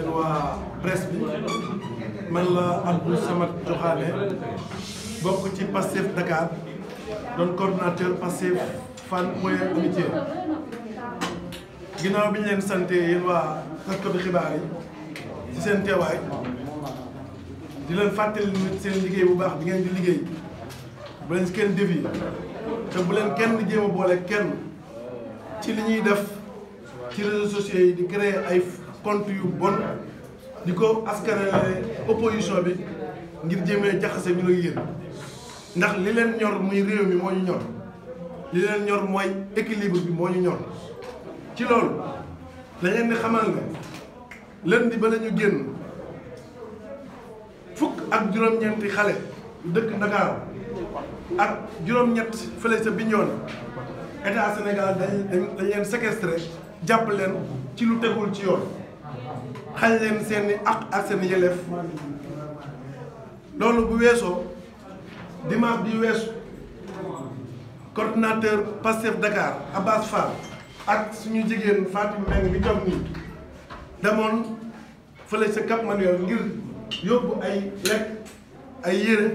leen waa presse bi man la Abdou Samad Joxaane bokk ci Pastef Dakar doon coordonnateur Pastef Fann Point Amitié ginnaaw bi ñu leen sante yéen waa taskatu xibaar yi ci seen teewaay di leen fàttali nit seen liggéey bu baax bi ngeen di liggéey bu leen si kenn défi te bu kenn jéem a boole kenn ci li ñuy def ci réseaux sociaux yi di créer ay compte yu bon di ko askanale opposition bi ngir jéemee jaxase ñu ak yéen ndax li leen ñor muy réew mi moo ñu ñor li leen ñor mooy équilibre bi moo ñu ñor ci loolu dañ leen di xamal ne lundi ba la génn fukk ak juróom-ñeenti xale dëkk Ndakaaru ak juróom-ñett fële ca Bignona état Sénégal dañ dañ leen séquestré jàpp leen ci lu tegul ci yoon xañ leen seeni àq ak bu weesoo dimanche bi weesu coordinateur Pastef Dakar suñu jigéen Fatim Mbengue bi ngir yóbbu ay ay yére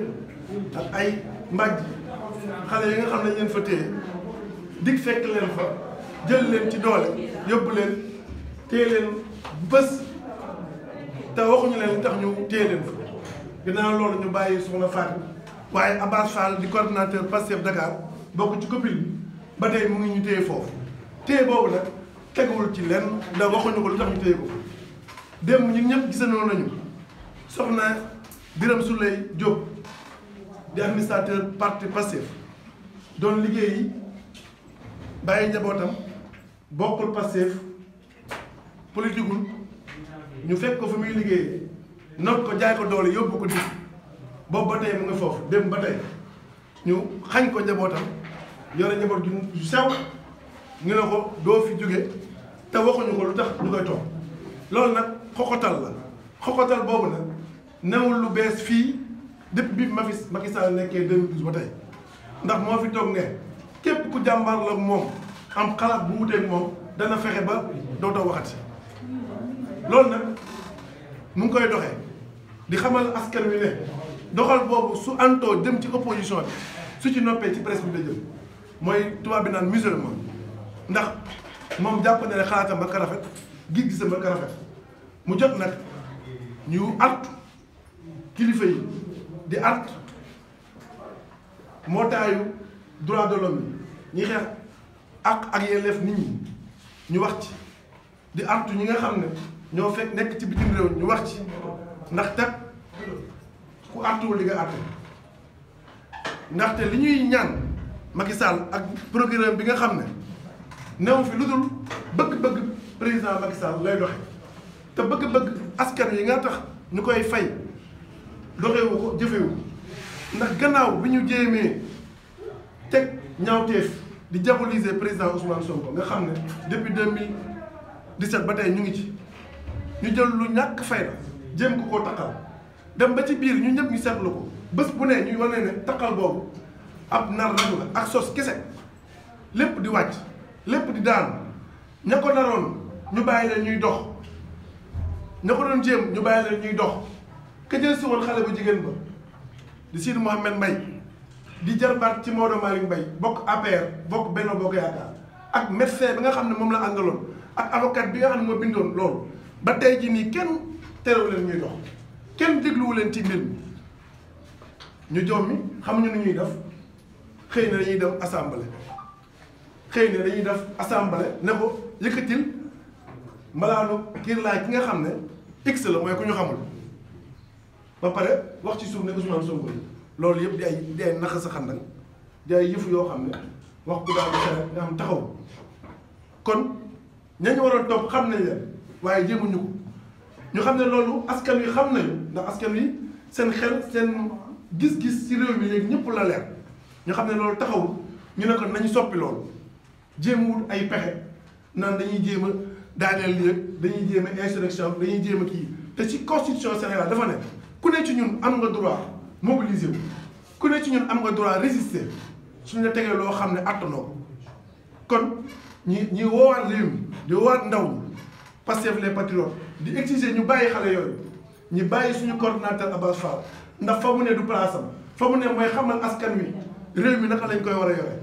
ak xale yi nga xam ne leen fa téye dig fekk leen fa jël leen ci doole yóbbu leen téye leen bés te waxuñu leen li tax ñu téye leen fa ginnaaw loolu ñu bàyyi soxna Fatou waaye Abbas Fall di coordinateur Pastef Dakar bokk ci copil ba tey mu ngi ñu téye foofu téye boobu nag teguwul ci leen da waxuñu ko lu tax ñu téye ko démb ñun ñëpp gisanoon nañu soxna Birame Souley Diop di administrateur parti Pastef doon liggéeyi bàyyi njabootam bokkul Pastef politikul ñu fekk ko fi muy liggéey noot ko jaay ko doole yóbbu ko di boobu ba tey mu nga foofu dem ba tey ñu xañ ko njabootam yore njaboot ju sew ñu ne ko doo fi jóge te waxuñu ko lu tax ñu loolu nag xoxotal la xoxotal boobu nag newul lu bees fii depuis bi ma fi Macky Sall nekkee 2012 ba tey ndax moo fi toog ne képp ku jàmbaar la moom am xalaat bu wuteeg moom dana fexe ba dootoo waxati loolu nag mu ngi koy doxe di xamal askan wi ne doxal boobu su antoo jëm ci opposition su ci noppee ci presse bi la jëm mooy tubaab bi naan musulman ndax moom jàpp na ne xalaatam ba karafet gis-gisam ba karafet mu jot nag ñu artu kilifa yi di artu mootaayu droit de l'homme yi ñi xeex ak ak yelleef nit ñi ñu wax ci di artu ñi nga xam ne ñoo fekk nekk ci bitim réew ñu wax ci ndax tat ku artuwul di nga artu ndaxte li ñuy ñaan Macky Sall ak programme bi nga xam ne néew fi lu dul bëgg-bëgg président Macky lay doxe te bëgg-bëgg askan yi nga tax ñu koy fay doxewu ko jëfewu ndax gannaaw bi ñu jéemee teg ñaawteef di diaboliser président Ousmane Sonko nga xam ne depuis deux mille di 17 ba tey ñu ngi ci ñu jël lu ñàkk fayda jéem ko koo takkal dem ba ci biir ñu ñëpp ñu seetlu ko bés bu ne ñu wane ne takkal boobu ab nar rek la ak sos kese lépp di wàcc lépp di daanu ña ko naroon ñu bàyyi leen ñuy dox ña ko doon jéem ñu bàyyi leen ñuy dox ka jël xale bu jigéen ko di Sidi Mouhamed Mbaye di jarbaat ci Maodo Malick Mbaye bokk APR bokk Benno Bokk Yaakaar ak médecin bi nga xam ne moom la àndaloon ak avocat bi nga xam ne moo bindoon loolu ba tey jii nii kenn terewu leen ñuy dox kenn dégluwu leen ci mbir mi ñu jom xam xamuñu nu ñuy def xëy na dañuy dem assemblée xëy na dañuy def assemblée ne ko yëkkatil mbalaanu kiir laay ki nga xam ne x la mooy ku ñu xamul ba pare wax ci suuf ne Ousmane Sonko loolu yëpp di ay di ay naxa sa xandan di ay yëfu yoo xam ne wax ku daal nga xam taxaw kon ña ñu waroon topp xam nañ leen waaye jéemuñu ko ñu xam ne loolu askan wi xam nañu ndax askan wi seen xel seen gis-gis ci réew mi léegi ñëpp la leer ñu xam ne loolu taxawul ñu ne ko nañu soppi loolu jéem wut ay pexe nan dañuy jéem a daaneel lii dañuy jéem a insurrection dañuy jéem a kii te ci constitution Sénégal dafa ne ku ne ci ñun am nga droit mobiliser wu ku ne ci ñun am nga droit résister suñu ne tegee loo xam ne attanoo kon ñi ñi woowaat réew mi di woowaat ndaw Pastef les patriotes di exiger ñu bàyyi xale yooyu ñi bàyyi suñu coordinateur Abass Fall ndax fa mu ne du place am fa mu ne mooy xamal askan wi réew mi naka lañ koy war a yore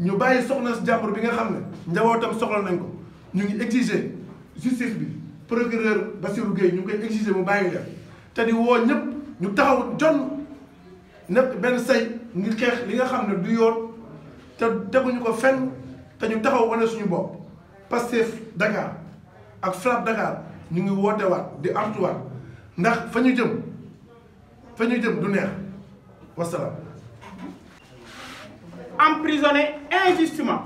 ñu bàyyi soxna jàmbur bi nga xam ne njabootam soxla nañ ko ñu ngi exiger justice bi procureur Bassirou Gueye ñu ngi koy exiger mu bàyyi leen te di woo ñëpp ñu taxaw jonn nekk benn say ngir xeex li nga xam ne du yoon te teguñu ko fenn te ñu taxaw wane suñu bopp. Pastef Dakar ak FRAPP Dakar ñu ngi wootewaat di artuwaat ndax fa ñu jëm fa ñu jëm du neex wasalaam. emprisonné injustement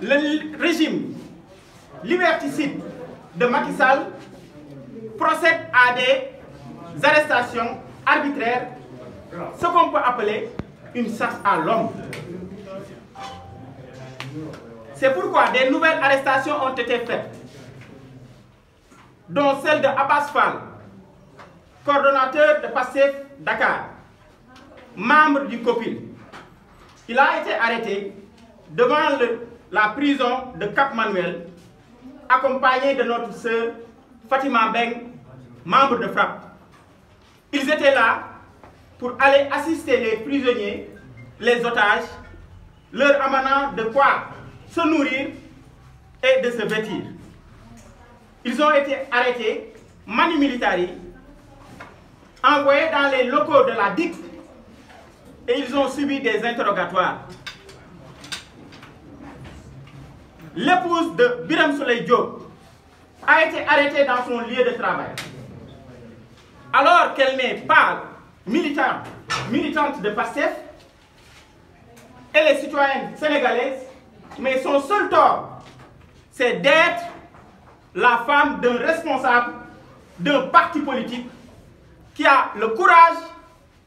le régime liberticide de Macky Sall procède à des arrestations arbitraires ce qu'on peut une chasse à l'homme C'est pourquoi des nouvelles arrestations ont été faites, dont celle de Abbas Fall, coordonnateur de PASTEF Dakar, membre du COPIL. Il a été arrêté devant la prison de Cap Manuel, accompagné de notre sœur Fatima Beng, membre de FRAP. Ils étaient là pour aller assister les prisonniers, les otages, leur amenant de quoi se nourrir et de se vêtir. Ils ont été arrêtés, manu militari, envoyés dans les locaux de la DIC et ils ont subi des interrogatoires. L'épouse de Biram Soleil Diop a été arrêtée dans son lieu de travail. Alors qu'elle n'est pas militante, de PASTEF, elle est citoyenne sénégalaise mais son seul tort, c'est d'être la femme d'un responsable d'un parti politique qui a le courage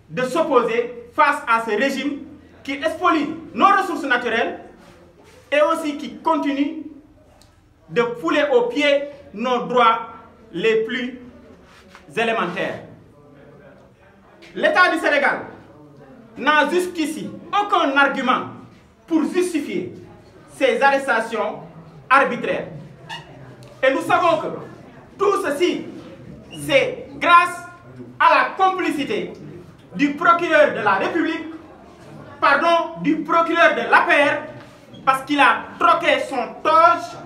de s'opposer face à ce régime qui expolie nos ressources naturelles et aussi qui continue de fouler aux pieds nos droits les plus élémentaires. L'État du Sénégal n'a jusqu'ici aucun argument pour justifier ces arrestations arbitraires. Et nous savons que tout ceci, c'est grâce à la complicité du procureur de la République, pardon, du procureur de l'APR, parce qu'il a troqué son toge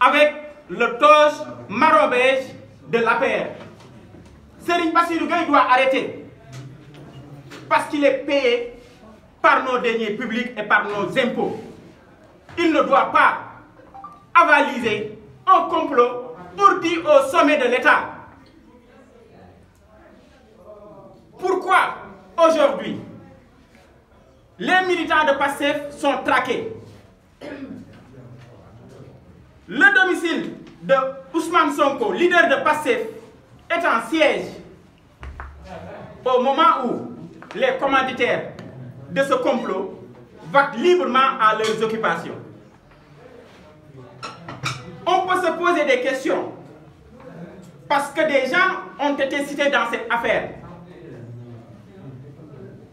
avec le toge marron beige de l'APR. Serigne Bassirou Gueye doit arrêter parce qu'il est payé par nos deniers publics et par nos impôts. il ne doit pas avaliser un complot ourdi au sommet de l'État. Pourquoi aujourd'hui les militants de PASTEF sont traqués? Le domicile de Ousmane Sonko, leader de PASTEF, est en siège au moment où les commanditaires de ce complot votent librement à leurs occupations. On peut se poser des questions parce que des gens ont été cités dans cette affaire.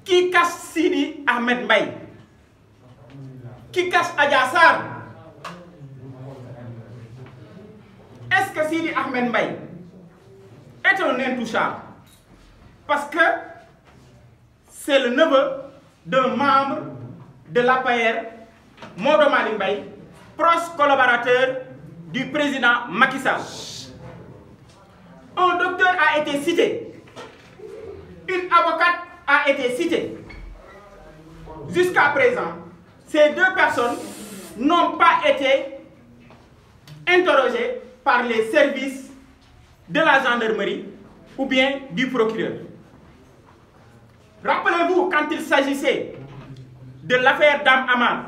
Qui cache Sidi Ahmed Mbaye Qui cache Adjassar Est-ce que Sidi Ahmed Mbaye est un intouchable Parce que c'est le neveu d'un membre de l'APR, Modo Malik Mbaye, proche collaborateur du président Macky Sall. Un docteur a été cité. Une avocate a été citée. Jusqu'à présent, ces deux personnes n'ont pas été interrogées par les services de la gendarmerie ou bien du procureur. Rappelez-vous quand il s'agissait de l'affaire Dame Amar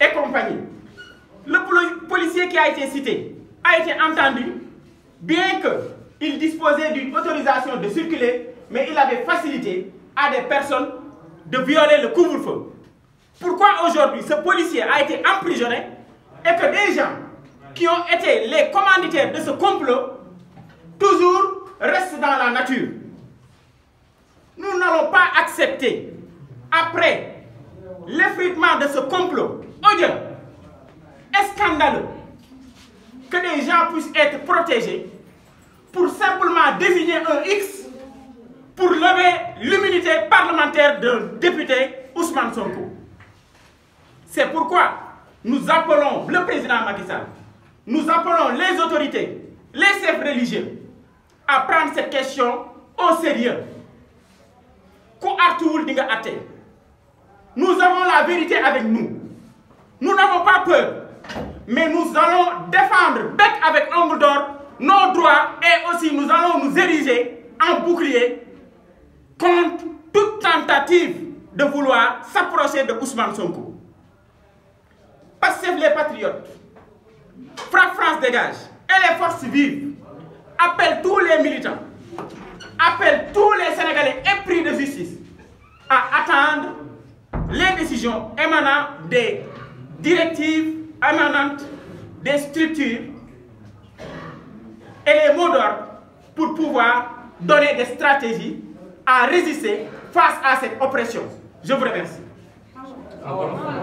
et compagnie le policier qui a été cité a été entendu bien que il disposait d'une autorisation de circuler mais il avait facilité à des personnes de violer le couvre-feu pourquoi aujourd'hui ce policier a été emprisonné et que des qui ont été les commanditaires de ce complot toujours restent dans la nature nous n'allons pas accepter après l'effritement de ce complot odieux et scandaleux que des gens puissent être protégés pour simplement désigner un X pour lever l'immunité parlementaire d'un député Ousmane Sonko. C'est pourquoi nous appelons le président Macky Sall, nous appelons les autorités, les chefs religieux à prendre cette question au sérieux. Ku artuwul di nga Nous avons la vérité avec nous. Nous n'avons pas peur. Mais nous allons défendre bec avec ongle d'or nos droits et aussi nous allons nous ériger en bouclier contre toute tentative de vouloir s'approcher de Ousmane Sonko. Passez les patriotes. Frappe France dégage. Et les forces vives. Appelle tous les militants. Appelle tous les Sénégalais épris de justice à attendre décisions émanant des directives émanantes des structures et les mots d'ordre pour pouvoir donner des stratégies à résister face à cette oppression. Je vous remercie.